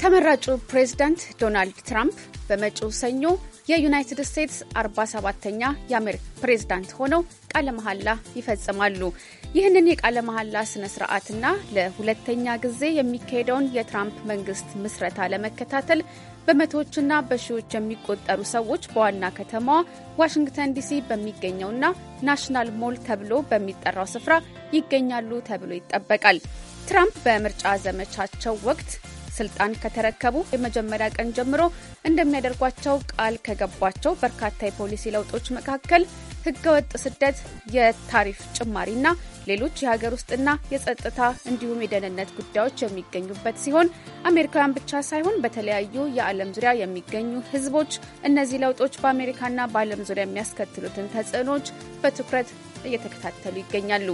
ተመራጩ ፕሬዝዳንት ዶናልድ ትራምፕ በመጪው ሰኞ የዩናይትድ ስቴትስ 47ተኛ የአሜሪካ ፕሬዝዳንት ሆነው ቃለ መሐላ ይፈጽማሉ። ይህንን የቃለ መሐላ ስነ ስርዓትና ለሁለተኛ ጊዜ የሚካሄደውን የትራምፕ መንግስት ምስረታ ለመከታተል በመቶዎችና በሺዎች የሚቆጠሩ ሰዎች በዋና ከተማዋ ዋሽንግተን ዲሲ በሚገኘውና ናሽናል ሞል ተብሎ በሚጠራው ስፍራ ይገኛሉ ተብሎ ይጠበቃል። ትራምፕ በምርጫ ዘመቻቸው ወቅት ስልጣን ከተረከቡ የመጀመሪያ ቀን ጀምሮ እንደሚያደርጓቸው ቃል ከገቧቸው በርካታ የፖሊሲ ለውጦች መካከል ህገወጥ ስደት፣ የታሪፍ ጭማሪና ሌሎች የሀገር ውስጥና የጸጥታ እንዲሁም የደህንነት ጉዳዮች የሚገኙበት ሲሆን አሜሪካውያን ብቻ ሳይሆን በተለያዩ የዓለም ዙሪያ የሚገኙ ህዝቦች እነዚህ ለውጦች በአሜሪካና በዓለም ዙሪያ የሚያስከትሉትን ተጽዕኖዎች በትኩረት እየተከታተሉ ይገኛሉ።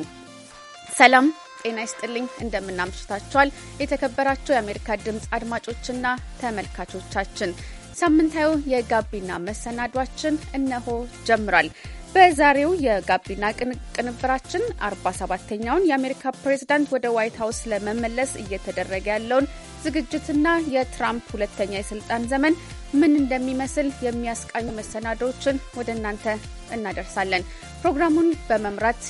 ሰላም ጤና ይስጥልኝ። እንደምናምሽታችኋል የተከበራቸው የአሜሪካ ድምፅ አድማጮችና ተመልካቾቻችን ሳምንታዊ የጋቢና መሰናዷችን እነሆ ጀምሯል። በዛሬው የጋቢና ቅንብራችን 47ተኛውን የአሜሪካ ፕሬዝዳንት ወደ ዋይት ሀውስ ለመመለስ እየተደረገ ያለውን ዝግጅትና የትራምፕ ሁለተኛ የስልጣን ዘመን ምን እንደሚመስል የሚያስቃኙ መሰናዶዎችን ወደ እናንተ እናደርሳለን። ፕሮግራሙን በመምራት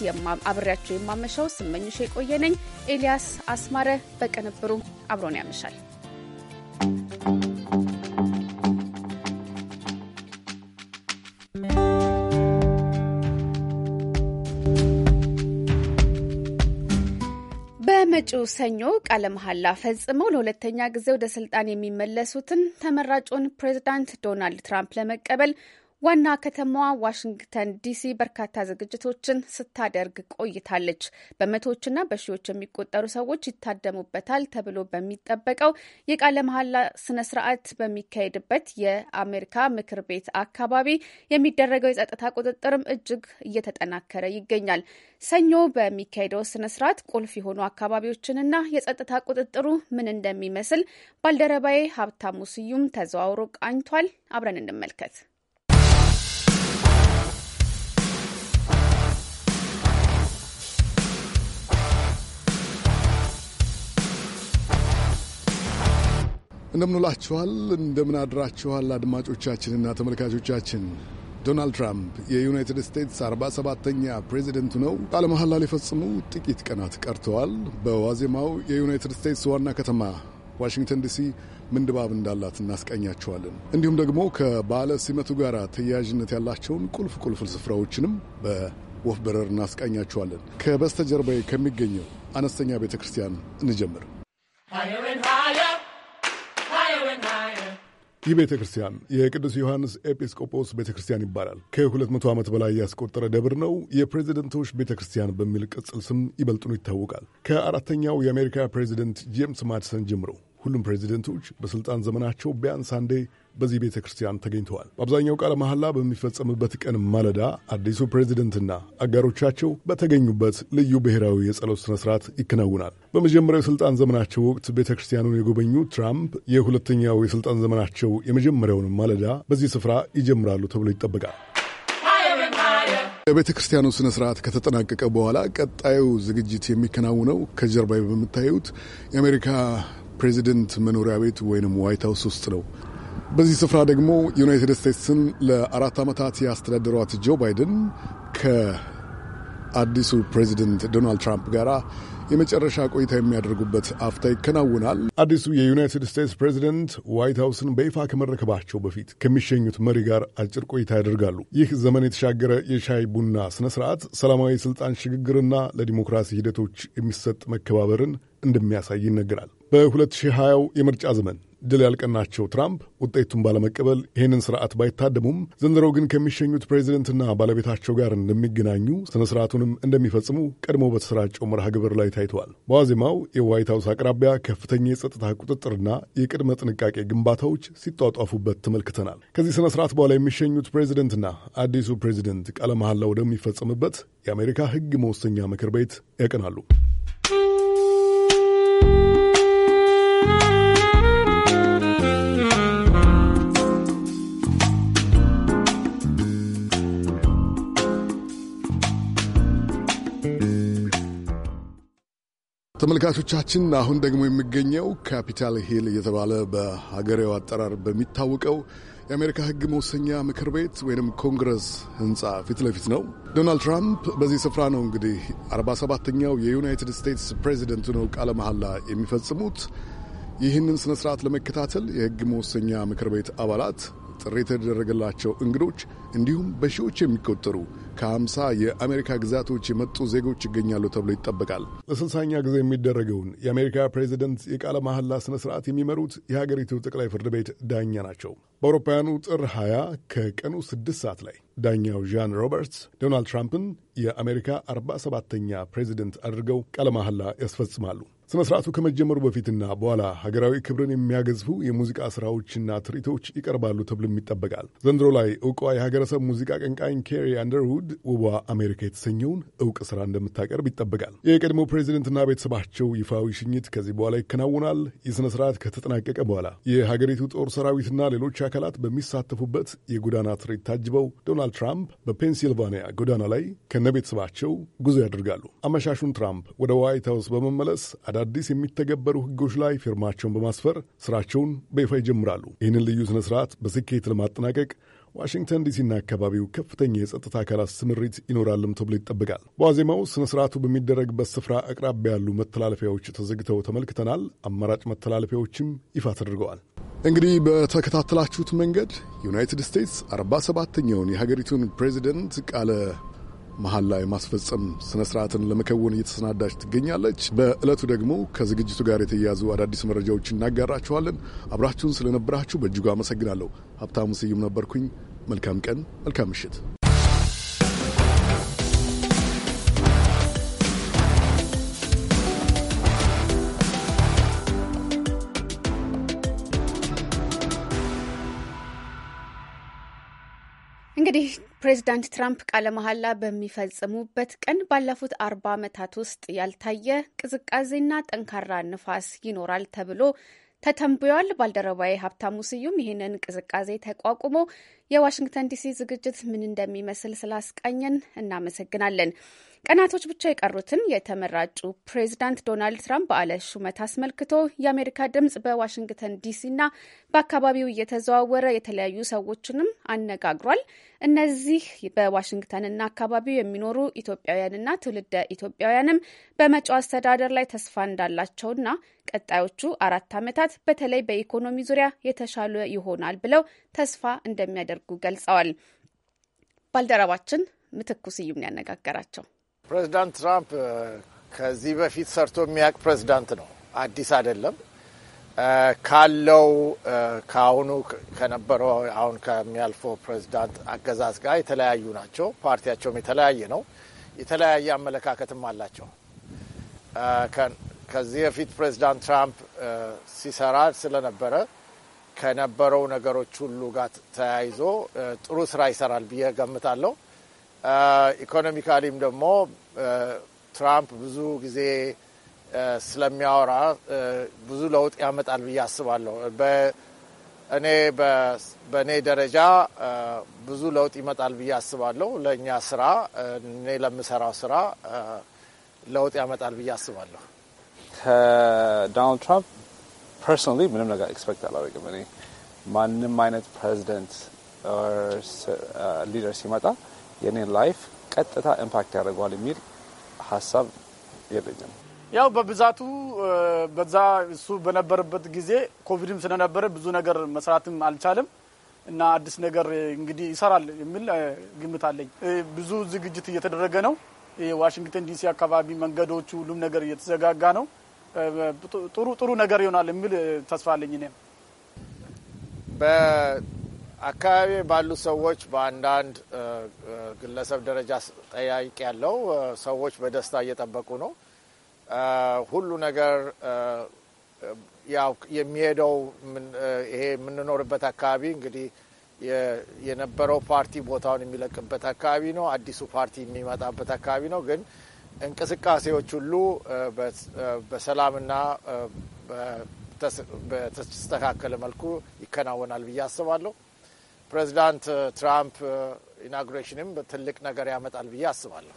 አብሬያቸው የማመሻው ስመኝሽ የቆየነኝ። ኤልያስ አስማረ በቅንብሩ አብሮን ያመሻል። መጪው ሰኞ ቃለ መሐላ ፈጽመው ለሁለተኛ ጊዜ ወደ ስልጣን የሚመለሱትን ተመራጩን ፕሬዚዳንት ዶናልድ ትራምፕ ለመቀበል ዋና ከተማዋ ዋሽንግተን ዲሲ በርካታ ዝግጅቶችን ስታደርግ ቆይታለች። በመቶዎችና በሺዎች የሚቆጠሩ ሰዎች ይታደሙበታል ተብሎ በሚጠበቀው የቃለ መሐላ ስነ ስርዓት በሚካሄድበት የአሜሪካ ምክር ቤት አካባቢ የሚደረገው የጸጥታ ቁጥጥርም እጅግ እየተጠናከረ ይገኛል። ሰኞ በሚካሄደው ስነ ስርዓት ቁልፍ የሆኑ አካባቢዎችንና የጸጥታ ቁጥጥሩ ምን እንደሚመስል ባልደረባዬ ሀብታሙ ስዩም ተዘዋውሮ ቃኝቷል። አብረን እንመልከት። እንደምንላችኋል እንደምን አድማጮቻችንና ተመልካቾቻችን። ዶናልድ ትራምፕ የዩናይትድ ስቴትስ 47ተኛ ፕሬዚደንቱ ነው ቃለ መሐላ ሊፈጽሙ ጥቂት ቀናት ቀርተዋል። በዋዜማው የዩናይትድ ስቴትስ ዋና ከተማ ዋሽንግተን ዲሲ ምን ድባብ እንዳላት እናስቀኛችኋለን። እንዲሁም ደግሞ ከባለ ሲመቱ ጋር ተያያዥነት ያላቸውን ቁልፍ ቁልፍ ስፍራዎችንም በወፍ በረር እናስቃኛችኋለን። ከበስተጀርባ ከሚገኘው አነስተኛ ቤተ ክርስቲያን እንጀምር። ይህ ቤተ ክርስቲያን የቅዱስ ዮሐንስ ኤጲስቆጶስ ቤተ ክርስቲያን ይባላል። ከ200 ዓመት በላይ ያስቆጠረ ደብር ነው። የፕሬዚደንቶች ቤተ ክርስቲያን በሚል ቅጽል ስም ይበልጥኑ ይታወቃል። ከአራተኛው የአሜሪካ ፕሬዚደንት ጄምስ ማዲሰን ጀምሮ ሁሉም ፕሬዚደንቶች በሥልጣን ዘመናቸው ቢያንስ አንዴ በዚህ ቤተ ክርስቲያን ተገኝተዋል። በአብዛኛው ቃለ መሐላ በሚፈጸምበት ቀን ማለዳ አዲሱ ፕሬዚደንትና አጋሮቻቸው በተገኙበት ልዩ ብሔራዊ የጸሎት ስነ ስርዓት ይከናውናል። በመጀመሪያው የሥልጣን ዘመናቸው ወቅት ቤተ ክርስቲያኑን የጎበኙ ትራምፕ የሁለተኛው የሥልጣን ዘመናቸው የመጀመሪያውን ማለዳ በዚህ ስፍራ ይጀምራሉ ተብሎ ይጠበቃል። የቤተ ክርስቲያኑ ስነ ስርዓት ከተጠናቀቀ በኋላ ቀጣዩ ዝግጅት የሚከናውነው ከጀርባ በምታዩት የአሜሪካ ፕሬዚደንት መኖሪያ ቤት ወይንም ዋይት ሀውስ ውስጥ ነው። በዚህ ስፍራ ደግሞ ዩናይትድ ስቴትስን ለአራት ዓመታት ያስተዳደሯት ጆ ባይደን ከአዲሱ ፕሬዚደንት ዶናልድ ትራምፕ ጋር የመጨረሻ ቆይታ የሚያደርጉበት አፍታ ይከናውናል። አዲሱ የዩናይትድ ስቴትስ ፕሬዚደንት ዋይት ሀውስን በይፋ ከመረከባቸው በፊት ከሚሸኙት መሪ ጋር አጭር ቆይታ ያደርጋሉ። ይህ ዘመን የተሻገረ የሻይ ቡና ስነ ስርዓት ሰላማዊ ስልጣን ሽግግርና ለዲሞክራሲ ሂደቶች የሚሰጥ መከባበርን እንደሚያሳይ ይነገራል። በ2020 የምርጫ ዘመን ድል ያልቀናቸው ትራምፕ ውጤቱን ባለመቀበል ይህንን ስርዓት ባይታደሙም ዘንድሮ ግን ከሚሸኙት ፕሬዚደንትና ባለቤታቸው ጋር እንደሚገናኙ ስነ ስርዓቱንም እንደሚፈጽሙ ቀድሞ በተሰራጨው መርሃ ግብር ላይ ታይተዋል። በዋዜማው የዋይት ሀውስ አቅራቢያ ከፍተኛ የጸጥታ ቁጥጥርና የቅድመ ጥንቃቄ ግንባታዎች ሲጧጧፉበት ተመልክተናል። ከዚህ ስነ ስርዓት በኋላ የሚሸኙት ፕሬዚደንትና አዲሱ ፕሬዚደንት ቃለ መሐላ ወደሚፈጸምበት የአሜሪካ ሕግ መወሰኛ ምክር ቤት ያቀናሉ። ተመልካቾቻችን አሁን ደግሞ የሚገኘው ካፒታል ሂል እየተባለ በሀገሬው አጠራር በሚታወቀው የአሜሪካ ሕግ መወሰኛ ምክር ቤት ወይም ኮንግረስ ህንፃ ፊት ለፊት ነው። ዶናልድ ትራምፕ በዚህ ስፍራ ነው እንግዲህ 47ኛው የዩናይትድ ስቴትስ ፕሬዚደንት ነው ቃለ መሐላ የሚፈጽሙት። ይህንን ስነ ስርዓት ለመከታተል የሕግ መወሰኛ ምክር ቤት አባላት ጥሪ የተደረገላቸው እንግዶች እንዲሁም በሺዎች የሚቆጠሩ ከ50 የአሜሪካ ግዛቶች የመጡ ዜጎች ይገኛሉ ተብሎ ይጠበቃል። ለስልሳኛ ጊዜ የሚደረገውን የአሜሪካ ፕሬዚደንት የቃለ መሐላ ስነ ስርዓት የሚመሩት የሀገሪቱ ጠቅላይ ፍርድ ቤት ዳኛ ናቸው። በአውሮፓውያኑ ጥር 20 ከቀኑ 6 ሰዓት ላይ ዳኛው ዣን ሮበርትስ ዶናልድ ትራምፕን የአሜሪካ 47 ተኛ ፕሬዚደንት አድርገው ቃለ መሐላ ያስፈጽማሉ። ስነ ስርዓቱ ከመጀመሩ በፊትና በኋላ ሀገራዊ ክብርን የሚያገዝፉ የሙዚቃ ስራዎችና ትርኢቶች ይቀርባሉ ተብሎም ይጠበቃል። ዘንድሮ ላይ እውቋ የሀገረሰብ ሙዚቃ ቀንቃኝ ኬሪ አንደርውድ ውቧ አሜሪካ የተሰኘውን እውቅ ስራ እንደምታቀርብ ይጠበቃል። የቀድሞ ፕሬዚደንትና ቤተሰባቸው ይፋዊ ሽኝት ከዚህ በኋላ ይከናወናል። ይህ ስርዓት ከተጠናቀቀ በኋላ የሀገሪቱ ጦር ሰራዊትና ሌሎች አካላት በሚሳተፉበት የጎዳና ትርኢት ታጅበው ዶናልድ ትራምፕ በፔንሲልቫኒያ ጎዳና ላይ ከነ ቤተሰባቸው ጉዞ ያደርጋሉ። አመሻሹን ትራምፕ ወደ ዋይት ሀውስ በመመለስ አዳ አዳዲስ የሚተገበሩ ህጎች ላይ ፊርማቸውን በማስፈር ስራቸውን በይፋ ይጀምራሉ። ይህንን ልዩ ስነ ስርዓት በስኬት ለማጠናቀቅ ዋሽንግተን ዲሲና አካባቢው ከፍተኛ የጸጥታ አካላት ስምሪት ይኖራልም ተብሎ ይጠበቃል። በዋዜማው ስነ ስርዓቱ በሚደረግበት ስፍራ አቅራቢያ ያሉ መተላለፊያዎች ተዘግተው ተመልክተናል። አማራጭ መተላለፊያዎችም ይፋ ተደርገዋል። እንግዲህ በተከታተላችሁት መንገድ ዩናይትድ ስቴትስ አርባ ሰባተኛውን የሀገሪቱን ፕሬዚደንት ቃለ መሀል ላይ የማስፈጸም ስነስርዓትን ለመከወን እየተሰናዳች ትገኛለች። በእለቱ ደግሞ ከዝግጅቱ ጋር የተያያዙ አዳዲስ መረጃዎች እናጋራችኋለን። አብራችሁን ስለነበራችሁ በእጅጉ አመሰግናለሁ። ሀብታሙ ስዩም ነበርኩኝ። መልካም ቀን፣ መልካም ምሽት። እንግዲህ ፕሬዚዳንት ትራምፕ ቃለ መሐላ በሚፈጽሙበት ቀን ባለፉት አርባ ዓመታት ውስጥ ያልታየ ቅዝቃዜና ጠንካራ ንፋስ ይኖራል ተብሎ ተተንብዮአል። ባልደረባዬ ሀብታሙ ስዩም ይህንን ቅዝቃዜ ተቋቁሞ የዋሽንግተን ዲሲ ዝግጅት ምን እንደሚመስል ስላስቃኘን እናመሰግናለን። ቀናቶች ብቻ የቀሩትን የተመራጩ ፕሬዚዳንት ዶናልድ ትራምፕ በዓለ ሹመት አስመልክቶ የአሜሪካ ድምጽ በዋሽንግተን ዲሲና በአካባቢው እየተዘዋወረ የተለያዩ ሰዎችንም አነጋግሯል። እነዚህ በዋሽንግተንና አካባቢው የሚኖሩ ኢትዮጵያውያንና ትውልደ ኢትዮጵያውያንም በመጪው አስተዳደር ላይ ተስፋ እንዳላቸውና ቀጣዮቹ አራት ዓመታት በተለይ በኢኮኖሚ ዙሪያ የተሻለ ይሆናል ብለው ተስፋ እንደሚያደርጉ ገልጸዋል። ባልደረባችን ምትኩ ስዩም ያነጋገራቸው ፕሬዚዳንት ትራምፕ ከዚህ በፊት ሰርቶ የሚያውቅ ፕሬዚዳንት ነው። አዲስ አይደለም። ካለው ከአሁኑ ከነበረው አሁን ከሚያልፈው ፕሬዚዳንት አገዛዝ ጋር የተለያዩ ናቸው። ፓርቲያቸውም የተለያየ ነው። የተለያየ አመለካከትም አላቸው። ከዚህ በፊት ፕሬዚዳንት ትራምፕ ሲሰራ ስለነበረ ከነበረው ነገሮች ሁሉ ጋር ተያይዞ ጥሩ ስራ ይሰራል ብዬ ገምታለሁ። ኢኮኖሚካሊም ደግሞ ትራምፕ ብዙ ጊዜ ስለሚያወራ ብዙ ለውጥ ያመጣል ብዬ አስባለሁ። እኔ በእኔ ደረጃ ብዙ ለውጥ ይመጣል ብዬ አስባለሁ። ለእኛ ስራ፣ እኔ ለምሰራው ስራ ለውጥ ያመጣል ብዬ አስባለሁ። ከዶናልድ ትራምፕ ፐርሶናሊ ምንም ነገር ኤክስፔክት አላደርግም። እኔ ማንም አይነት ፕሬዚደንት ሊደር ሲመጣ የኔን ላይፍ ቀጥታ ኢምፓክት ያደርገዋል የሚል ሀሳብ የለኝም። ያው በብዛቱ በዛ እሱ በነበረበት ጊዜ ኮቪድም ስለነበረ ብዙ ነገር መስራትም አልቻለም እና አዲስ ነገር እንግዲህ ይሰራል የሚል ግምት አለኝ። ብዙ ዝግጅት እየተደረገ ነው። የዋሽንግተን ዲሲ አካባቢ መንገዶቹ፣ ሁሉም ነገር እየተዘጋጋ ነው። ጥሩ ጥሩ ነገር ይሆናል የሚል ተስፋ አለኝ እኔም አካባቢ ባሉ ሰዎች በአንዳንድ ግለሰብ ደረጃ ጠያቂ ያለው ሰዎች በደስታ እየጠበቁ ነው። ሁሉ ነገር ያው የሚሄደው ይሄ የምንኖርበት አካባቢ እንግዲህ የነበረው ፓርቲ ቦታውን የሚለቅበት አካባቢ ነው። አዲሱ ፓርቲ የሚመጣበት አካባቢ ነው። ግን እንቅስቃሴዎች ሁሉ በሰላምና በተስተካከለ መልኩ ይከናወናል ብዬ አስባለሁ። ፕሬዚዳንት ትራምፕ uh, ኢናጉሬሽንም ትልቅ ነገር ያመጣል ብዬ አስባለሁ።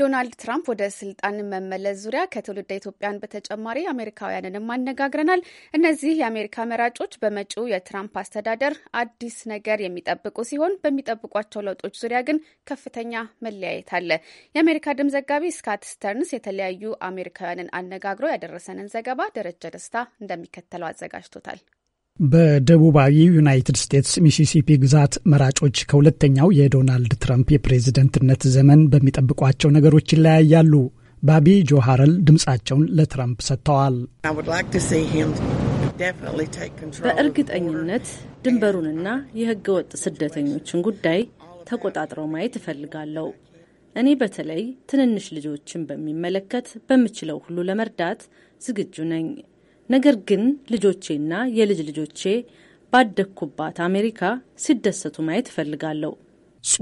በዶናልድ ትራምፕ ወደ ስልጣን መመለስ ዙሪያ ከትውልደ ኢትዮጵያን በተጨማሪ አሜሪካውያንንም አነጋግረናል። እነዚህ የአሜሪካ መራጮች በመጪው የትራምፕ አስተዳደር አዲስ ነገር የሚጠብቁ ሲሆን በሚጠብቋቸው ለውጦች ዙሪያ ግን ከፍተኛ መለያየት አለ። የአሜሪካ ድምፅ ዘጋቢ ስካት ስተርንስ የተለያዩ አሜሪካውያንን አነጋግሮ ያደረሰንን ዘገባ ደረጀ ደስታ እንደሚከተለው አዘጋጅቶታል። በደቡባዊ ዩናይትድ ስቴትስ ሚሲሲፒ ግዛት መራጮች ከሁለተኛው የዶናልድ ትራምፕ የፕሬዝደንትነት ዘመን በሚጠብቋቸው ነገሮች ይለያያሉ። ባቢ ጆሃረል ድምፃቸውን ለትራምፕ ሰጥተዋል። በእርግጠኝነት ድንበሩንና የህገ ወጥ ስደተኞችን ጉዳይ ተቆጣጥረው ማየት እፈልጋለሁ። እኔ በተለይ ትንንሽ ልጆችን በሚመለከት በምችለው ሁሉ ለመርዳት ዝግጁ ነኝ። ነገር ግን ልጆቼና የልጅ ልጆቼ ባደግኩባት አሜሪካ ሲደሰቱ ማየት እፈልጋለሁ።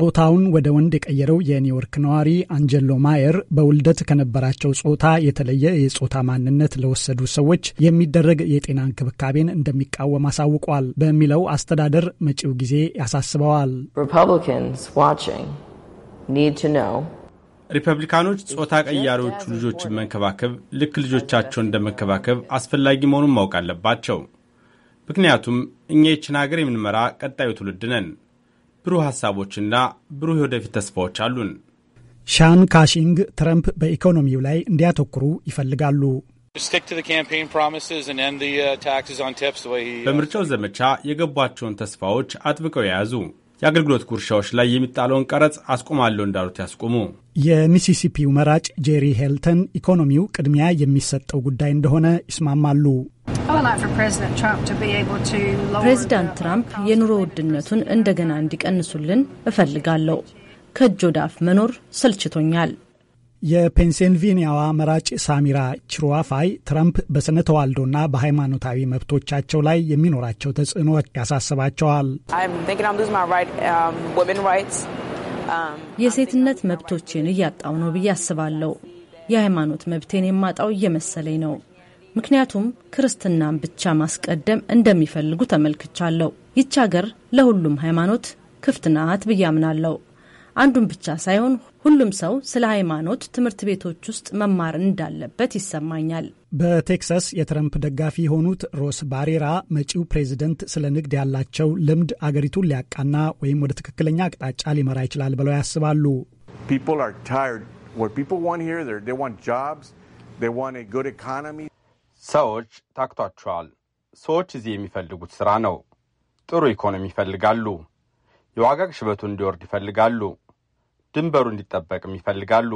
ጾታውን ወደ ወንድ የቀየረው የኒውዮርክ ነዋሪ አንጀሎ ማየር በውልደት ከነበራቸው ጾታ የተለየ የጾታ ማንነት ለወሰዱ ሰዎች የሚደረግ የጤና እንክብካቤን እንደሚቃወም አሳውቋል በሚለው አስተዳደር መጪው ጊዜ ያሳስበዋል። ሪፐብሊካንስ ኒድ ቱ ኖው ሪፐብሊካኖች ጾታ ቀያሪዎቹ ልጆችን መንከባከብ ልክ ልጆቻቸውን እንደመንከባከብ አስፈላጊ መሆኑን ማወቅ አለባቸው። ምክንያቱም እኛ ይችን ሀገር የምንመራ ቀጣዩ ትውልድ ነን። ብሩህ ሀሳቦችና ብሩህ የወደፊት ተስፋዎች አሉን። ሻን ካሺንግ ትረምፕ በኢኮኖሚው ላይ እንዲያተኩሩ ይፈልጋሉ። uh, uh, በምርጫው ዘመቻ የገቧቸውን ተስፋዎች አጥብቀው የያዙ የአገልግሎት ጉርሻዎች ላይ የሚጣለውን ቀረጽ አስቆማለሁ እንዳሉት ያስቁሙ። የሚሲሲፒው መራጭ ጄሪ ሄልተን ኢኮኖሚው ቅድሚያ የሚሰጠው ጉዳይ እንደሆነ ይስማማሉ። ፕሬዚዳንት ትራምፕ የኑሮ ውድነቱን እንደገና እንዲቀንሱልን እፈልጋለሁ። ከእጅ ወዳፍ መኖር ሰልችቶኛል። የፔንሲልቬኒያዋ መራጭ ሳሚራ ችሩዋፋይ ትራምፕ በስነ ተዋልዶና በሃይማኖታዊ መብቶቻቸው ላይ የሚኖራቸው ተጽዕኖ ያሳስባቸዋል። የሴትነት መብቶቼን እያጣው ነው ብዬ አስባለሁ። የሃይማኖት መብቴን የማጣው እየመሰለኝ ነው። ምክንያቱም ክርስትናን ብቻ ማስቀደም እንደሚፈልጉ ተመልክቻለሁ። ይቺ ሀገር ለሁሉም ሃይማኖት ክፍት ናት ብዬ አምናለሁ። አንዱን ብቻ ሳይሆን ሁሉም ሰው ስለ ሃይማኖት ትምህርት ቤቶች ውስጥ መማር እንዳለበት ይሰማኛል። በቴክሳስ የትረምፕ ደጋፊ የሆኑት ሮስ ባሬራ መጪው ፕሬዚደንት ስለ ንግድ ያላቸው ልምድ አገሪቱን ሊያቃና ወይም ወደ ትክክለኛ አቅጣጫ ሊመራ ይችላል ብለው ያስባሉ። ሰዎች ታክቷቸዋል። ሰዎች እዚህ የሚፈልጉት ስራ ነው። ጥሩ ኢኮኖሚ ይፈልጋሉ። የዋጋ ግሽበቱ እንዲወርድ ይፈልጋሉ። ድንበሩ እንዲጠበቅም ይፈልጋሉ።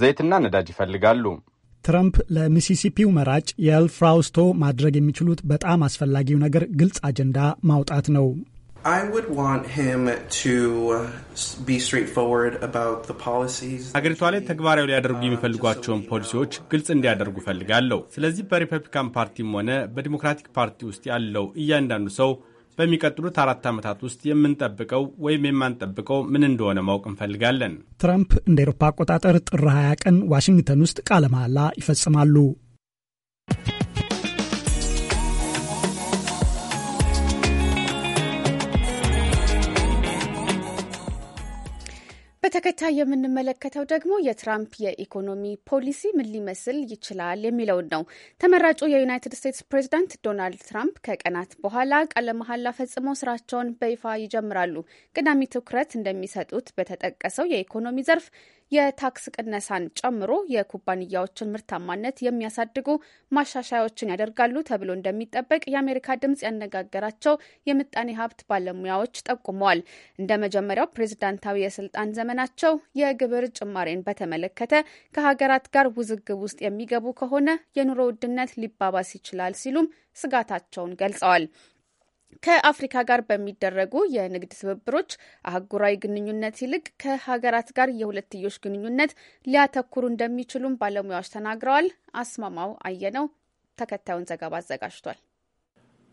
ዘይትና ነዳጅ ይፈልጋሉ። ትራምፕ ለሚሲሲፒው መራጭ የኤል ፍራውስቶ ማድረግ የሚችሉት በጣም አስፈላጊው ነገር ግልጽ አጀንዳ ማውጣት ነው። uh, ሀገሪቷ ላይ ተግባራዊ ሊያደርጉ የሚፈልጓቸውን ፖሊሲዎች ግልጽ እንዲያደርጉ ፈልጋለሁ። ስለዚህ በሪፐብሊካን ፓርቲም ሆነ በዲሞክራቲክ ፓርቲ ውስጥ ያለው እያንዳንዱ ሰው በሚቀጥሉት አራት ዓመታት ውስጥ የምንጠብቀው ወይም የማንጠብቀው ምን እንደሆነ ማወቅ እንፈልጋለን። ትራምፕ እንደ ኤሮፓ አቆጣጠር ጥር 20 ቀን ዋሽንግተን ውስጥ ቃለ መሐላ ይፈጽማሉ። በተከታይ የምንመለከተው ደግሞ የትራምፕ የኢኮኖሚ ፖሊሲ ምን ሊመስል ይችላል የሚለውን ነው። ተመራጩ የዩናይትድ ስቴትስ ፕሬዚዳንት ዶናልድ ትራምፕ ከቀናት በኋላ ቃለ መሐላ ፈጽመው ስራቸውን በይፋ ይጀምራሉ። ቅዳሚ ትኩረት እንደሚሰጡት በተጠቀሰው የኢኮኖሚ ዘርፍ የታክስ ቅነሳን ጨምሮ የኩባንያዎችን ምርታማነት የሚያሳድጉ ማሻሻያዎችን ያደርጋሉ ተብሎ እንደሚጠበቅ የአሜሪካ ድምጽ ያነጋገራቸው የምጣኔ ሀብት ባለሙያዎች ጠቁመዋል። እንደ መጀመሪያው ፕሬዝዳንታዊ የስልጣን ዘመናቸው የግብር ጭማሬን በተመለከተ ከሀገራት ጋር ውዝግብ ውስጥ የሚገቡ ከሆነ የኑሮ ውድነት ሊባባስ ይችላል ሲሉም ስጋታቸውን ገልጸዋል። ከአፍሪካ ጋር በሚደረጉ የንግድ ትብብሮች አህጉራዊ ግንኙነት ይልቅ ከሀገራት ጋር የሁለትዮሽ ግንኙነት ሊያተኩሩ እንደሚችሉም ባለሙያዎች ተናግረዋል። አስማማው አየነው ተከታዩን ዘገባ አዘጋጅቷል።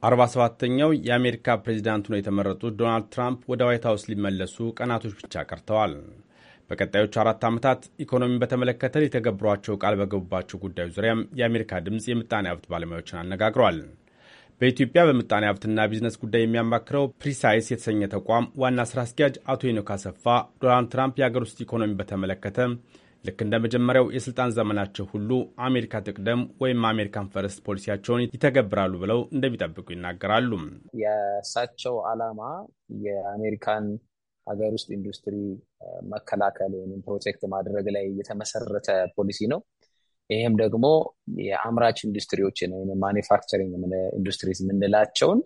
አርባ ሰባተኛው የአሜሪካ ፕሬዚዳንት ሆነው የተመረጡት ዶናልድ ትራምፕ ወደ ዋይት ሀውስ ሊመለሱ ቀናቶች ብቻ ቀርተዋል። በቀጣዮቹ አራት ዓመታት ኢኮኖሚን በተመለከተ ሊተገብሯቸው ቃል በገቡባቸው ጉዳዮች ዙሪያም የአሜሪካ ድምፅ የምጣኔ ሀብት ባለሙያዎችን አነጋግሯል። በኢትዮጵያ በምጣኔ ሀብትና ቢዝነስ ጉዳይ የሚያማክረው ፕሪሳይስ የተሰኘ ተቋም ዋና ስራ አስኪያጅ አቶ ሄኖክ አሰፋ ዶናልድ ትራምፕ የአገር ውስጥ ኢኮኖሚ በተመለከተ ልክ እንደ መጀመሪያው የስልጣን ዘመናቸው ሁሉ አሜሪካ ትቅደም ወይም አሜሪካን ፈርስት ፖሊሲያቸውን ይተገብራሉ ብለው እንደሚጠብቁ ይናገራሉ። የእሳቸው አላማ የአሜሪካን ሀገር ውስጥ ኢንዱስትሪ መከላከል ወይም ፕሮቴክት ማድረግ ላይ የተመሰረተ ፖሊሲ ነው። ይህም ደግሞ የአምራች ኢንዱስትሪዎችን ወይም ማኒፋክቸሪንግ ኢንዱስትሪዝ የምንላቸውን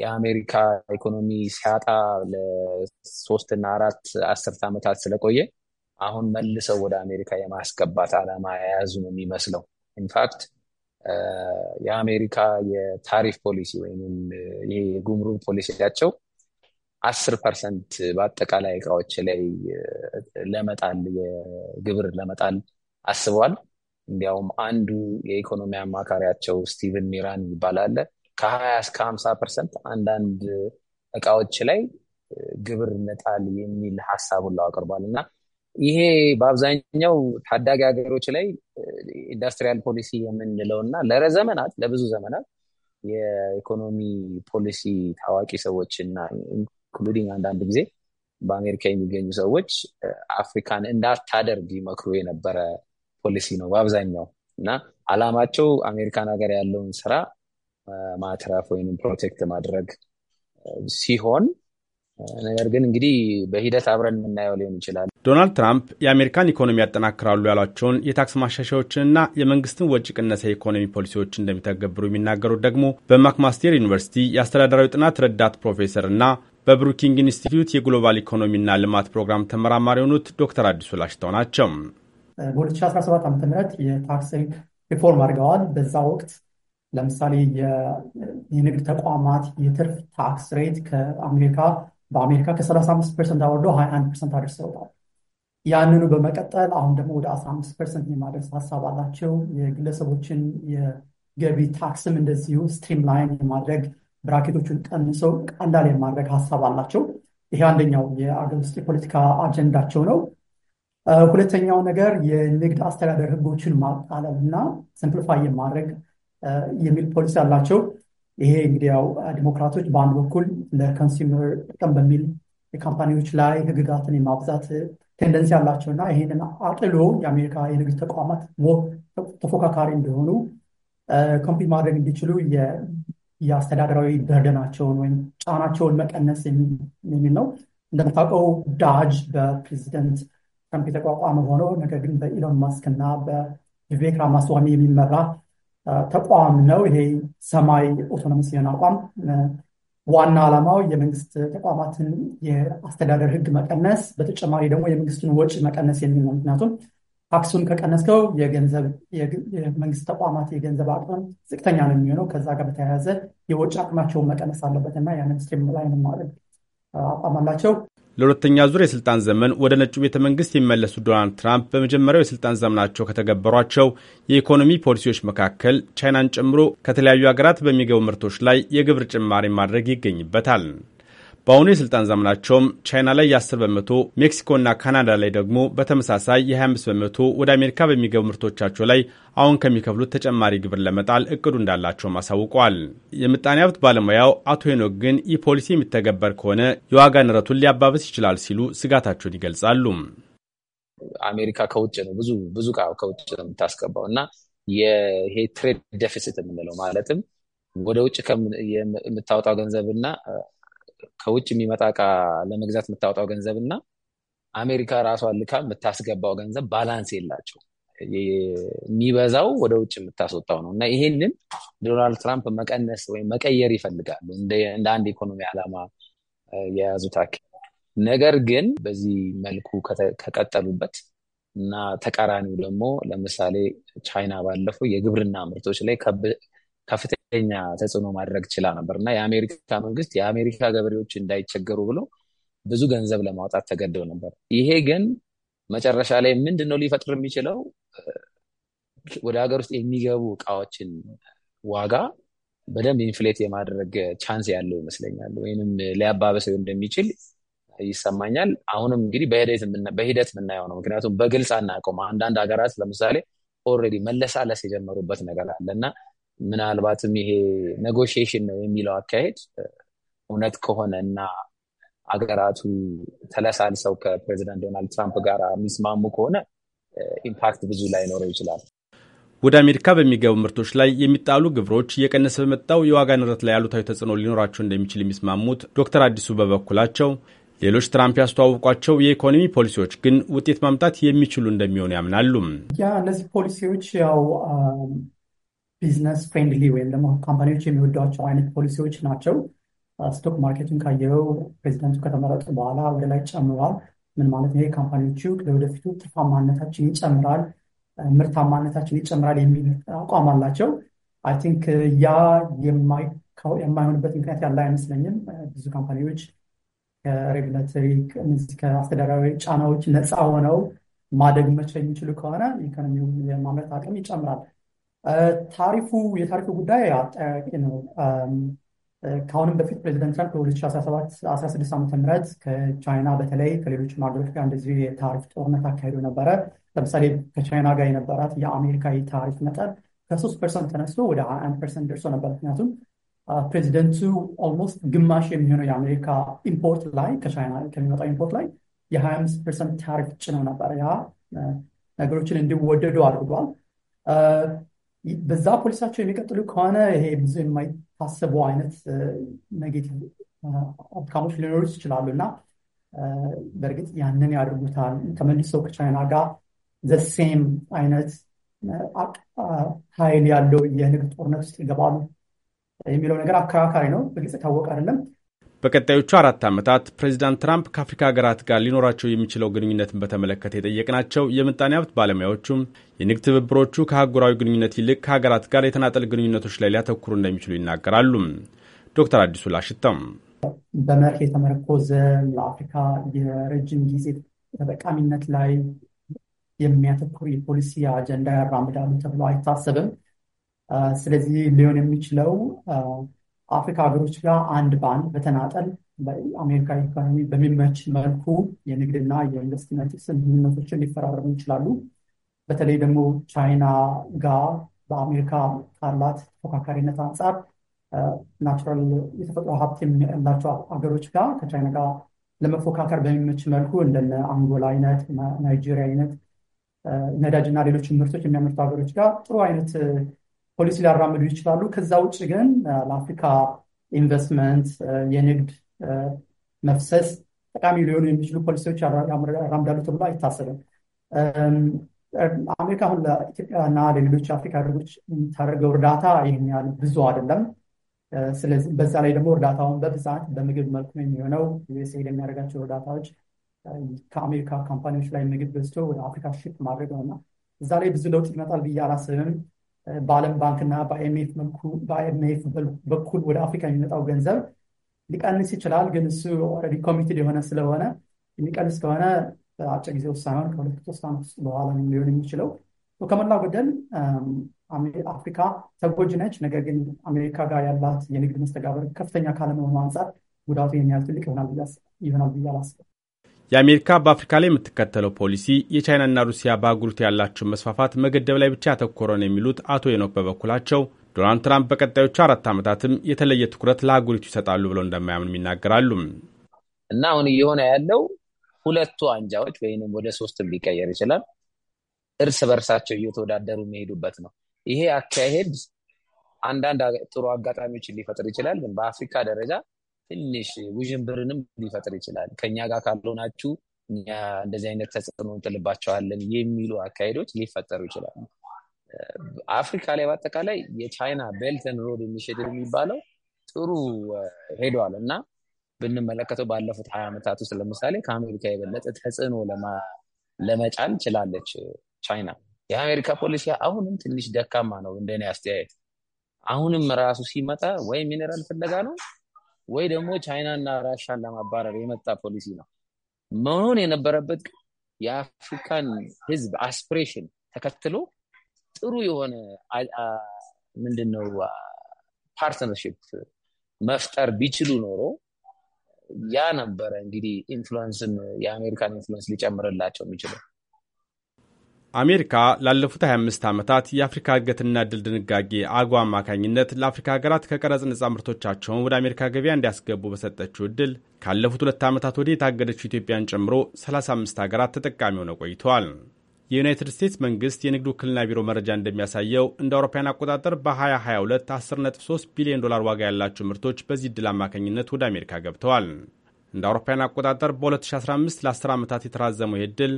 የአሜሪካ ኢኮኖሚ ሲያጣ ለሶስትና አራት አስርት ዓመታት ስለቆየ አሁን መልሰው ወደ አሜሪካ የማስገባት ዓላማ የያዙ ነው የሚመስለው። ኢንፋክት የአሜሪካ የታሪፍ ፖሊሲ ወይም ይሄ የጉምሩክ ፖሊሲያቸው አስር ፐርሰንት በአጠቃላይ እቃዎች ላይ ለመጣል የግብር ለመጣል አስበዋል። እንዲያውም አንዱ የኢኮኖሚ አማካሪያቸው ስቲቨን ሚራን ይባላል ከሀያ እስከ ሀምሳ ፐርሰንት አንዳንድ እቃዎች ላይ ግብር መጣል የሚል ሀሳብ ሁላ አቅርቧል እና ይሄ በአብዛኛው ታዳጊ ሀገሮች ላይ ኢንዱስትሪያል ፖሊሲ የምንለው እና ለዘመናት ለብዙ ዘመናት የኢኮኖሚ ፖሊሲ ታዋቂ ሰዎች እና ኢንክሉዲንግ አንዳንድ ጊዜ በአሜሪካ የሚገኙ ሰዎች አፍሪካን እንዳታደርግ ይመክሩ የነበረ ፖሊሲ ነው በአብዛኛው እና አላማቸው አሜሪካን ሀገር ያለውን ስራ ማትረፍ ወይም ፕሮቴክት ማድረግ ሲሆን ነገር ግን እንግዲህ በሂደት አብረን የምናየው ሊሆን ይችላል። ዶናልድ ትራምፕ የአሜሪካን ኢኮኖሚ ያጠናክራሉ ያሏቸውን የታክስ ማሻሻዎችንና የመንግስትን ወጪ ቅነሳ የኢኮኖሚ ፖሊሲዎች እንደሚተገብሩ የሚናገሩት ደግሞ በማክማስቴር ዩኒቨርሲቲ የአስተዳደራዊ ጥናት ረዳት ፕሮፌሰር እና በብሩኪንግ ኢንስቲትዩት የግሎባል ኢኮኖሚና ልማት ፕሮግራም ተመራማሪ የሆኑት ዶክተር አዲሱ ላሽተው ናቸው። በ2017 ዓመተ ምህረት የታክስ ሪፎርም አድርገዋል። በዛ ወቅት ለምሳሌ የንግድ ተቋማት የትርፍ ታክስ ሬት ከአሜሪካ በአሜሪካ ከ35 ፐርሰንት አወርዶ 21 ፐርሰንት አድርሰውታል። ያንኑ በመቀጠል አሁን ደግሞ ወደ 15 ፐርሰንት የማድረስ ሀሳብ አላቸው። የግለሰቦችን የገቢ ታክስም እንደዚሁ ስትሪም ላይን የማድረግ ብራኬቶቹን ቀንሰው ቀላል የማድረግ ሀሳብ አላቸው። ይሄ አንደኛው የአገር ውስጥ የፖለቲካ አጀንዳቸው ነው። ሁለተኛው ነገር የንግድ አስተዳደር ህጎችን ማቃለል እና ስምፕልፋይ የማድረግ የሚል ፖሊሲ አላቸው። ይሄ እንግዲህ ያው ዲሞክራቶች በአንድ በኩል ለኮንሱመር ጥቅም በሚል የካምፓኒዎች ላይ ህግጋትን የማብዛት ቴንደንሲ አላቸው እና ይህንን አጥሎ የአሜሪካ የንግድ ተቋማት ተፎካካሪ እንደሆኑ ኮምፒት ማድረግ እንዲችሉ የአስተዳደራዊ በርደናቸውን ወይም ጫናቸውን መቀነስ የሚል ነው። እንደምታውቀው ዳጅ በፕሬዚደንት ትራምፕ የተቋቋመ ሆኖ ነገር ግን በኢሎን ማስክ እና በቪቬክ ራማስዋሚ የሚመራ ተቋም ነው። ይሄ ሰማይ ኦቶኖሚስ የሆነ አቋም ዋና ዓላማው የመንግስት ተቋማትን የአስተዳደር ህግ መቀነስ፣ በተጨማሪ ደግሞ የመንግስትን ወጪ መቀነስ የሚል ነው። ምክንያቱም ታክሱን ከቀነስከው የመንግስት ተቋማት የገንዘብ አቅም ዝቅተኛ ነው የሚሆነው። ከዛ ጋር በተያያዘ የወጪ አቅማቸውን መቀነስ አለበት እና ያንን ስትሪም ላይ ማድረግ አቋም አላቸው። ለሁለተኛ ዙር የሥልጣን ዘመን ወደ ነጩ ቤተ መንግሥት የሚመለሱ ዶናልድ ትራምፕ በመጀመሪያው የሥልጣን ዘመናቸው ከተገበሯቸው የኢኮኖሚ ፖሊሲዎች መካከል ቻይናን ጨምሮ ከተለያዩ ሀገራት በሚገቡ ምርቶች ላይ የግብር ጭማሪ ማድረግ ይገኝበታል። በአሁኑ የስልጣን ዘመናቸውም ቻይና ላይ የ10 በመቶ ሜክሲኮና ካናዳ ላይ ደግሞ በተመሳሳይ የ25 በመቶ ወደ አሜሪካ በሚገቡ ምርቶቻቸው ላይ አሁን ከሚከፍሉት ተጨማሪ ግብር ለመጣል እቅዱ እንዳላቸውም አሳውቀዋል። የምጣኔ ሀብት ባለሙያው አቶ ሄኖክ ግን ይህ ፖሊሲ የሚተገበር ከሆነ የዋጋ ንረቱን ሊያባብስ ይችላል ሲሉ ስጋታቸውን ይገልጻሉ። አሜሪካ ከውጭ ነው ብዙ ብዙ እቃ ከውጭ ነው የምታስገባው እና ይሄ ትሬድ ደፊሲት የምንለው ማለትም ወደ ውጭ የምታወጣው ገንዘብና ከውጭ የሚመጣ እቃ ለመግዛት የምታወጣው ገንዘብ እና አሜሪካ ራሷ ልካ የምታስገባው ገንዘብ ባላንስ የላቸው። የሚበዛው ወደ ውጭ የምታስወጣው ነው እና ይሄንን ዶናልድ ትራምፕ መቀነስ ወይም መቀየር ይፈልጋሉ እንደ አንድ ኢኮኖሚ ዓላማ የያዙት አካሄድ። ነገር ግን በዚህ መልኩ ከቀጠሉበት እና ተቃራኒው ደግሞ ለምሳሌ ቻይና ባለፈው የግብርና ምርቶች ላይ ከፍተኛ ከፍተኛ ተጽዕኖ ማድረግ ችላ ነበር እና የአሜሪካ መንግስት የአሜሪካ ገበሬዎች እንዳይቸገሩ ብሎ ብዙ ገንዘብ ለማውጣት ተገደው ነበር። ይሄ ግን መጨረሻ ላይ ምንድን ነው ሊፈጥር የሚችለው? ወደ ሀገር ውስጥ የሚገቡ እቃዎችን ዋጋ በደንብ ኢንፍሌት የማድረግ ቻንስ ያለው ይመስለኛል፣ ወይም ሊያባበሰው እንደሚችል ይሰማኛል። አሁንም እንግዲህ በሂደት የምናየው ነው። ምክንያቱም በግልጽ አናውቀውም። አንዳንድ ሀገራት ለምሳሌ ኦልሬዲ መለሳለስ የጀመሩበት ነገር አለ እና ምናልባትም ይሄ ኔጎሽሽን ነው የሚለው አካሄድ እውነት ከሆነ እና አገራቱ ተለሳልሰው ከፕሬዚዳንት ዶናልድ ትራምፕ ጋር የሚስማሙ ከሆነ ኢምፓክት ብዙ ላይኖረው ይችላል። ወደ አሜሪካ በሚገቡ ምርቶች ላይ የሚጣሉ ግብሮች እየቀነሰ በመጣው የዋጋ ንረት ላይ ያሉታዊ ተጽዕኖ ሊኖራቸው እንደሚችል የሚስማሙት ዶክተር አዲሱ በበኩላቸው ሌሎች ትራምፕ ያስተዋወቋቸው የኢኮኖሚ ፖሊሲዎች ግን ውጤት ማምጣት የሚችሉ እንደሚሆኑ ያምናሉ። ያ እነዚህ ፖሊሲዎች ያው ቢዝነስ ፍሬንድሊ ወይም ደግሞ ካምፓኒዎች የሚወዷቸው አይነት ፖሊሲዎች ናቸው። ስቶክ ማርኬቱን ካየው ፕሬዚደንቱ ከተመረጡ በኋላ ወደ ላይ ጨምሯል። ምን ማለት ነው? ካምፓኒዎቹ ለወደፊቱ ትርፋማነታችን ይጨምራል፣ uh, ምርታማነታችን ይጨምራል የሚል አቋም አላቸው። አይ ቲንክ uh, ያ የማይሆንበት ምክንያት ያለ አይመስለኝም። uh, ብዙ ካምፓኒዎች ከሬጉላተሪ ከአስተዳደራዊ ጫናዎች ነፃ ሆነው ማደግ መቼ የሚችሉ ከሆነ ኢኮኖሚው የማምረት አቅም ይጨምራል። ታሪፉ የታሪፉ ጉዳይ አጠያቂ ነው። ከአሁንም በፊት ፕሬዚደንት ትራምፕ በ2017 16 ዓ ም ከቻይና በተለይ ከሌሎች ሀገሮች ጋር እንደዚሁ የታሪፍ ጦርነት አካሄዱ ነበረ። ለምሳሌ ከቻይና ጋር የነበራት የአሜሪካ የታሪፍ መጠን ከሶስት ፐርሰንት ተነስቶ ወደ 21 ፐርሰንት ደርሶ ነበር። ምክንያቱም ፕሬዚደንቱ ኦልሞስት ግማሽ የሚሆነው የአሜሪካ ኢምፖርት ላይ ከቻይና ከሚመጣው ኢምፖርት ላይ የ25 ፐርሰንት ታሪፍ ጭነው ነበር። ያ ነገሮችን እንዲወደዱ አድርጓል። በዛ ፖሊሳቸው የሚቀጥሉ ከሆነ ይሄ ብዙ የማይታሰቡ አይነት ኔጌቲቭ አውትካሞች ሊኖሩ ይችላሉ እና በእርግጥ ያንን ያደርጉታል ተመልሰው ከቻይና ጋር ዘሴም አይነት ኃይል ያለው የንግድ ጦርነት ውስጥ ይገባሉ የሚለው ነገር አከራካሪ ነው። በግልጽ የታወቀ አይደለም። በቀጣዮቹ አራት ዓመታት ፕሬዚዳንት ትራምፕ ከአፍሪካ ሀገራት ጋር ሊኖራቸው የሚችለው ግንኙነትን በተመለከተ የጠየቅናቸው የምጣኔ ሀብት ባለሙያዎቹም የንግድ ትብብሮቹ ከአህጉራዊ ግንኙነት ይልቅ ከሀገራት ጋር የተናጠል ግንኙነቶች ላይ ሊያተኩሩ እንደሚችሉ ይናገራሉ። ዶክተር አዲሱ ላሽተም በመርህ የተመረኮዘ ለአፍሪካ የረጅም ጊዜ ተጠቃሚነት ላይ የሚያተኩር የፖሊሲ አጀንዳ ያራምዳሉ ተብሎ አይታሰብም። ስለዚህ ሊሆን የሚችለው አፍሪካ ሀገሮች ጋር አንድ በአንድ በተናጠል በአሜሪካ ኢኮኖሚ በሚመች መልኩ የንግድና የኢንቨስትመንት ስምምነቶችን ሊፈራረሙ ይችላሉ። በተለይ ደግሞ ቻይና ጋር በአሜሪካ ካላት ተፎካካሪነት አንጻር ናቹራል የተፈጥሮ ሀብት ያላቸው ሀገሮች ጋር ከቻይና ጋር ለመፎካከር በሚመች መልኩ እንደነ አንጎላ አይነት፣ ናይጄሪያ አይነት ነዳጅና ሌሎች ምርቶች የሚያመርቱ ሀገሮች ጋር ጥሩ አይነት ፖሊሲ ሊያራምዱ ይችላሉ። ከዛ ውጭ ግን ለአፍሪካ ኢንቨስትመንት የንግድ መፍሰስ ጠቃሚ ሊሆኑ የሚችሉ ፖሊሲዎች ያራምዳሉ ተብሎ አይታሰብም። አሜሪካ አሁን ለኢትዮጵያና ለሌሎች አፍሪካ ሀገሮች የምታደርገው እርዳታ ይህን ያህል ብዙ አይደለም። ስለዚህ በዛ ላይ ደግሞ እርዳታውን በብዛት በምግብ መልኩ ነው የሚሆነው። ዩኤስኤድ የሚያደርጋቸው እርዳታዎች ከአሜሪካ ካምፓኒዎች ላይ ምግብ ገዝቶ ወደ አፍሪካ ሽፕ ማድረግ ነውና እዛ ላይ ብዙ ለውጥ ይመጣል ብዬ አላስብም። በዓለም ባንክና በአይኤምኤፍ በኩል ወደ አፍሪካ የሚመጣው ገንዘብ ሊቀንስ ይችላል። ግን እሱ ኦልሬዲ ኮሚትድ የሆነ ስለሆነ የሚቀንስ ከሆነ በአጭር ጊዜ ውስጥ ሳይሆን ከሁለት ሶስት ዓመት በኋላ ሊሆን የሚችለው። ከሞላ ጎደል አፍሪካ ተጎጂ ነች። ነገር ግን አሜሪካ ጋር ያላት የንግድ መስተጋበር ከፍተኛ ካለመሆኑ አንጻር ጉዳቱ የሚያል ትልቅ ይሆናል ብዬ አላስብም። የአሜሪካ በአፍሪካ ላይ የምትከተለው ፖሊሲ የቻይናና ሩሲያ በአህጉሪቱ ያላቸውን መስፋፋት መገደብ ላይ ብቻ ያተኮረ ነው የሚሉት አቶ የኖክ በበኩላቸው ዶናልድ ትራምፕ በቀጣዮቹ አራት ዓመታትም የተለየ ትኩረት ለአህጉሪቱ ይሰጣሉ ብለው እንደማያምኑም ይናገራሉ። እና አሁን እየሆነ ያለው ሁለቱ አንጃዎች ወይም ወደ ሶስትም ሊቀየር ይችላል እርስ በርሳቸው እየተወዳደሩ የሚሄዱበት ነው። ይሄ አካሄድ አንዳንድ ጥሩ አጋጣሚዎችን ሊፈጥር ይችላል፣ ግን በአፍሪካ ደረጃ ትንሽ ውዥንብርንም ሊፈጥር ይችላል። ከኛ ጋር ካልሆናችሁ እኛ እንደዚህ አይነት ተጽዕኖ እንጥልባቸዋለን የሚሉ አካሄዶች ሊፈጠሩ ይችላሉ። አፍሪካ ላይ በአጠቃላይ የቻይና ቤልትን ሮድ ኢኒሽቲቭ የሚባለው ጥሩ ሄደዋል እና ብንመለከተው ባለፉት ሀያ ዓመታት ውስጥ ለምሳሌ ከአሜሪካ የበለጠ ተጽዕኖ ለመጫን ችላለች ቻይና። የአሜሪካ ፖሊሲ አሁንም ትንሽ ደካማ ነው እንደኔ አስተያየት። አሁንም ራሱ ሲመጣ ወይ ሚኔራል ፍለጋ ነው ወይ ደግሞ ቻይና እና ራሻን ለማባረር የመጣ ፖሊሲ ነው። መሆን የነበረበት የአፍሪካን ህዝብ አስፒሬሽን ተከትሎ ጥሩ የሆነ ምንድነው ፓርትነርሽፕ መፍጠር ቢችሉ ኖሮ ያ ነበረ እንግዲህ ኢንፍሉንስን የአሜሪካን ኢንፍሉንስ ሊጨምርላቸው የሚችለው። አሜሪካ ላለፉት 25 ዓመታት የአፍሪካ እድገትና እድል ድንጋጌ አጓ አማካኝነት ለአፍሪካ ሀገራት ከቀረጽ ነጻ ምርቶቻቸውን ወደ አሜሪካ ገበያ እንዲያስገቡ በሰጠችው እድል ካለፉት ሁለት ዓመታት ወዲህ የታገደችው ኢትዮጵያን ጨምሮ 35 ሀገራት ተጠቃሚ ሆነው ቆይተዋል። የዩናይትድ ስቴትስ መንግስት የንግድ ውክልና ቢሮ መረጃ እንደሚያሳየው እንደ አውሮፓውያን አቆጣጠር በ2022 10.3 ቢሊዮን ዶላር ዋጋ ያላቸው ምርቶች በዚህ እድል አማካኝነት ወደ አሜሪካ ገብተዋል። እንደ አውሮፓውያን አቆጣጠር በ2015 ለ10 ዓመታት የተራዘመው ይህ እድል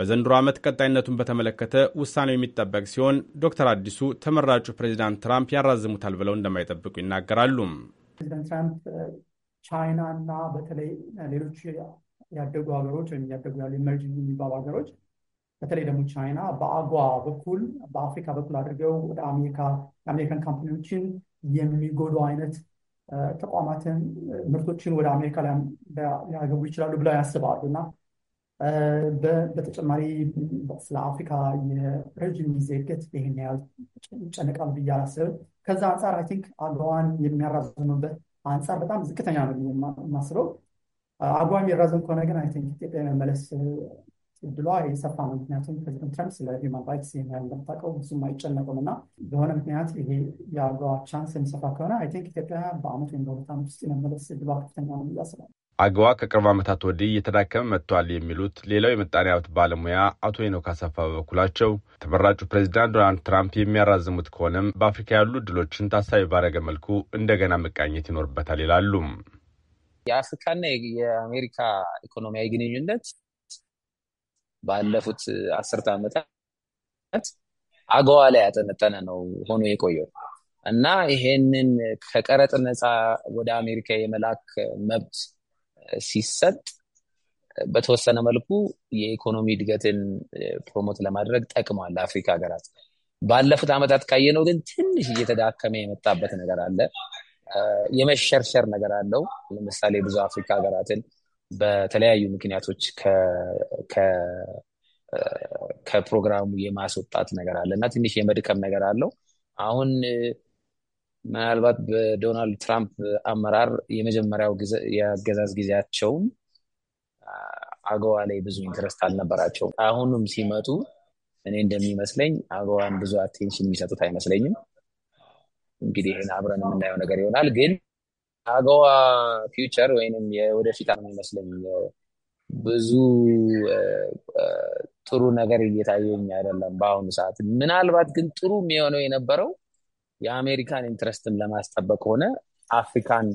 በዘንድሮ ዓመት ቀጣይነቱን በተመለከተ ውሳኔው የሚጠበቅ ሲሆን ዶክተር አዲሱ ተመራጩ ፕሬዚዳንት ትራምፕ ያራዝሙታል ብለው እንደማይጠብቁ ይናገራሉ። ፕሬዚዳንት ትራምፕ ቻይና እና በተለይ ሌሎች ያደጉ ሀገሮች ወይም ያደጉ ያሉ ኢመርጂንግ የሚባሉ ሀገሮች በተለይ ደግሞ ቻይና በአጓ በኩል በአፍሪካ በኩል አድርገው ወደ አሜሪካ የአሜሪካን ካምፓኒዎችን የሚጎዱ አይነት ተቋማትን ምርቶችን ወደ አሜሪካ ሊያገቡ ይችላሉ ብለው ያስባሉ እና በተጨማሪ ስለ አፍሪካ የረዥም ጊዜ እድገት ይህን ያህል ይጨነቃል ብዬ አላስብም። ከዛ አንጻር አይ ቲንክ አገዋን የሚያራዘምበት አንጻር በጣም ዝቅተኛ ነው የማስበው። አገዋ የሚራዘም ከሆነ ግን አይ ቲንክ ኢትዮጵያ የመመለስ እድሏ የሰፋ ነው። ምክንያቱም ፕሬዚደንት ትራምፕ ስለ ሂውማን ራይትስ ይህን ያህል እንደምታውቀው ብዙም አይጨነቁም እና በሆነ ምክንያት ይሄ የአገዋ ቻንስ የሚሰፋ ከሆነ አይ ቲንክ ኢትዮጵያ በአመት ወይም በሁለት አመት ውስጥ የመመለስ እድሏ ከፍተኛ ነው ብዬ አስባለሁ። አገዋ ከቅርብ ዓመታት ወዲህ እየተዳከመ መጥቷል የሚሉት ሌላው የምጣኔ ሀብት ባለሙያ አቶ ሄኖክ አሰፋ በበኩላቸው ተመራጩ ፕሬዚዳንት ዶናልድ ትራምፕ የሚያራዝሙት ከሆነም በአፍሪካ ያሉ እድሎችን ታሳቢ ባረገ መልኩ እንደገና መቃኘት ይኖርበታል ይላሉ። የአፍሪካና የአሜሪካ ኢኮኖሚያዊ ግንኙነት ባለፉት አስርተ ዓመታት አገዋ ላይ ያጠነጠነ ነው ሆኖ የቆየው እና ይሄንን ከቀረጥ ነፃ ወደ አሜሪካ የመላክ መብት ሲሰጥ በተወሰነ መልኩ የኢኮኖሚ እድገትን ፕሮሞት ለማድረግ ጠቅሟል። አፍሪካ ሀገራት ባለፉት ዓመታት ካየነው ግን ትንሽ እየተዳከመ የመጣበት ነገር አለ። የመሸርሸር ነገር አለው። ለምሳሌ ብዙ አፍሪካ ሀገራትን በተለያዩ ምክንያቶች ከፕሮግራሙ የማስወጣት ነገር አለ እና ትንሽ የመድከም ነገር አለው አሁን ምናልባት በዶናልድ ትራምፕ አመራር የመጀመሪያው የአገዛዝ ጊዜያቸውም አገዋ ላይ ብዙ ኢንትረስት አልነበራቸውም። አሁንም ሲመጡ እኔ እንደሚመስለኝ አገዋን ብዙ አቴንሽን የሚሰጡት አይመስለኝም። እንግዲህ ይህን አብረን የምናየው ነገር ይሆናል። ግን አገዋ ፊውቸር ወይም ወደፊት የሚመስለኝ ብዙ ጥሩ ነገር እየታየኝ አይደለም በአሁኑ ሰዓት። ምናልባት ግን ጥሩ የሚሆነው የነበረው የአሜሪካን ኢንትረስትን ለማስጠበቅ ሆነ አፍሪካን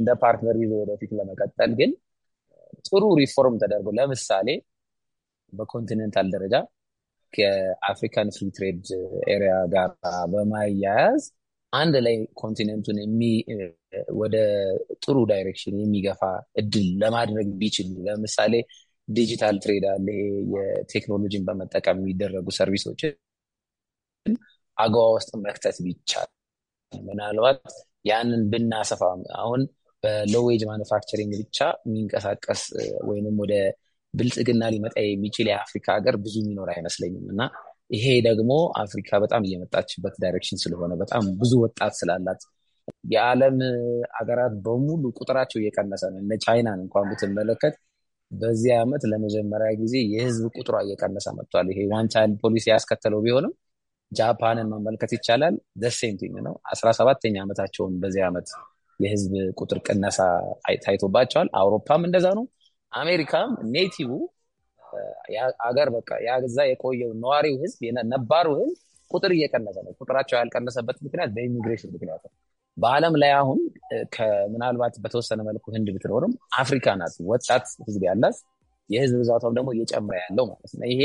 እንደ ፓርትነር ይዞ ወደፊት ለመቀጠል ግን ጥሩ ሪፎርም ተደርጎ ለምሳሌ በኮንቲኔንታል ደረጃ ከአፍሪካን ፍሪ ትሬድ ኤሪያ ጋር በማያያዝ አንድ ላይ ኮንቲኔንቱን ወደ ጥሩ ዳይሬክሽን የሚገፋ እድል ለማድረግ ቢችሉ ለምሳሌ ዲጂታል ትሬድ አለ፣ የቴክኖሎጂን በመጠቀም የሚደረጉ ሰርቪሶችን አገዋ ውስጥ መክተት ቢቻል ምናልባት ያንን ብናሰፋ አሁን በሎዌጅ ማኑፋክቸሪንግ ብቻ የሚንቀሳቀስ ወይም ወደ ብልጽግና ሊመጣ የሚችል የአፍሪካ ሀገር ብዙ የሚኖር አይመስለኝም እና ይሄ ደግሞ አፍሪካ በጣም እየመጣችበት ዳይሬክሽን ስለሆነ በጣም ብዙ ወጣት ስላላት የዓለም ሀገራት በሙሉ ቁጥራቸው እየቀነሰ ነው። እነ ቻይናን እንኳን ብትመለከት በዚህ ዓመት ለመጀመሪያ ጊዜ የህዝብ ቁጥሯ እየቀነሰ መጥቷል። ይሄ ዋን ቻይልድ ፖሊሲ ያስከተለው ቢሆንም ጃፓንን መመልከት ይቻላል። ደሴንቲኝ ነው። አስራ ሰባተኛ ዓመታቸውን በዚህ ዓመት የህዝብ ቁጥር ቅነሳ ታይቶባቸዋል። አውሮፓም እንደዛ ነው። አሜሪካም ኔቲቭ አገር በቃ ያዛ የቆየው ነዋሪው ህዝብ ነባሩ ህዝብ ቁጥር እየቀነሰ ነው። ቁጥራቸው ያልቀነሰበት ምክንያት በኢሚግሬሽን ምክንያት ነው። በአለም ላይ አሁን ምናልባት በተወሰነ መልኩ ህንድ ብትኖርም አፍሪካ ናት ወጣት ህዝብ ያላት የህዝብ ብዛቷም ደግሞ እየጨመረ ያለው ማለት ነው ይሄ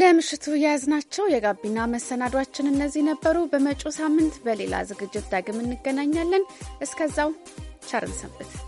ለምሽቱ የያዝናቸው የጋቢና መሰናዷችን እነዚህ ነበሩ። በመጪው ሳምንት በሌላ ዝግጅት ዳግም እንገናኛለን። እስከዛው ቸርን ሰንብት።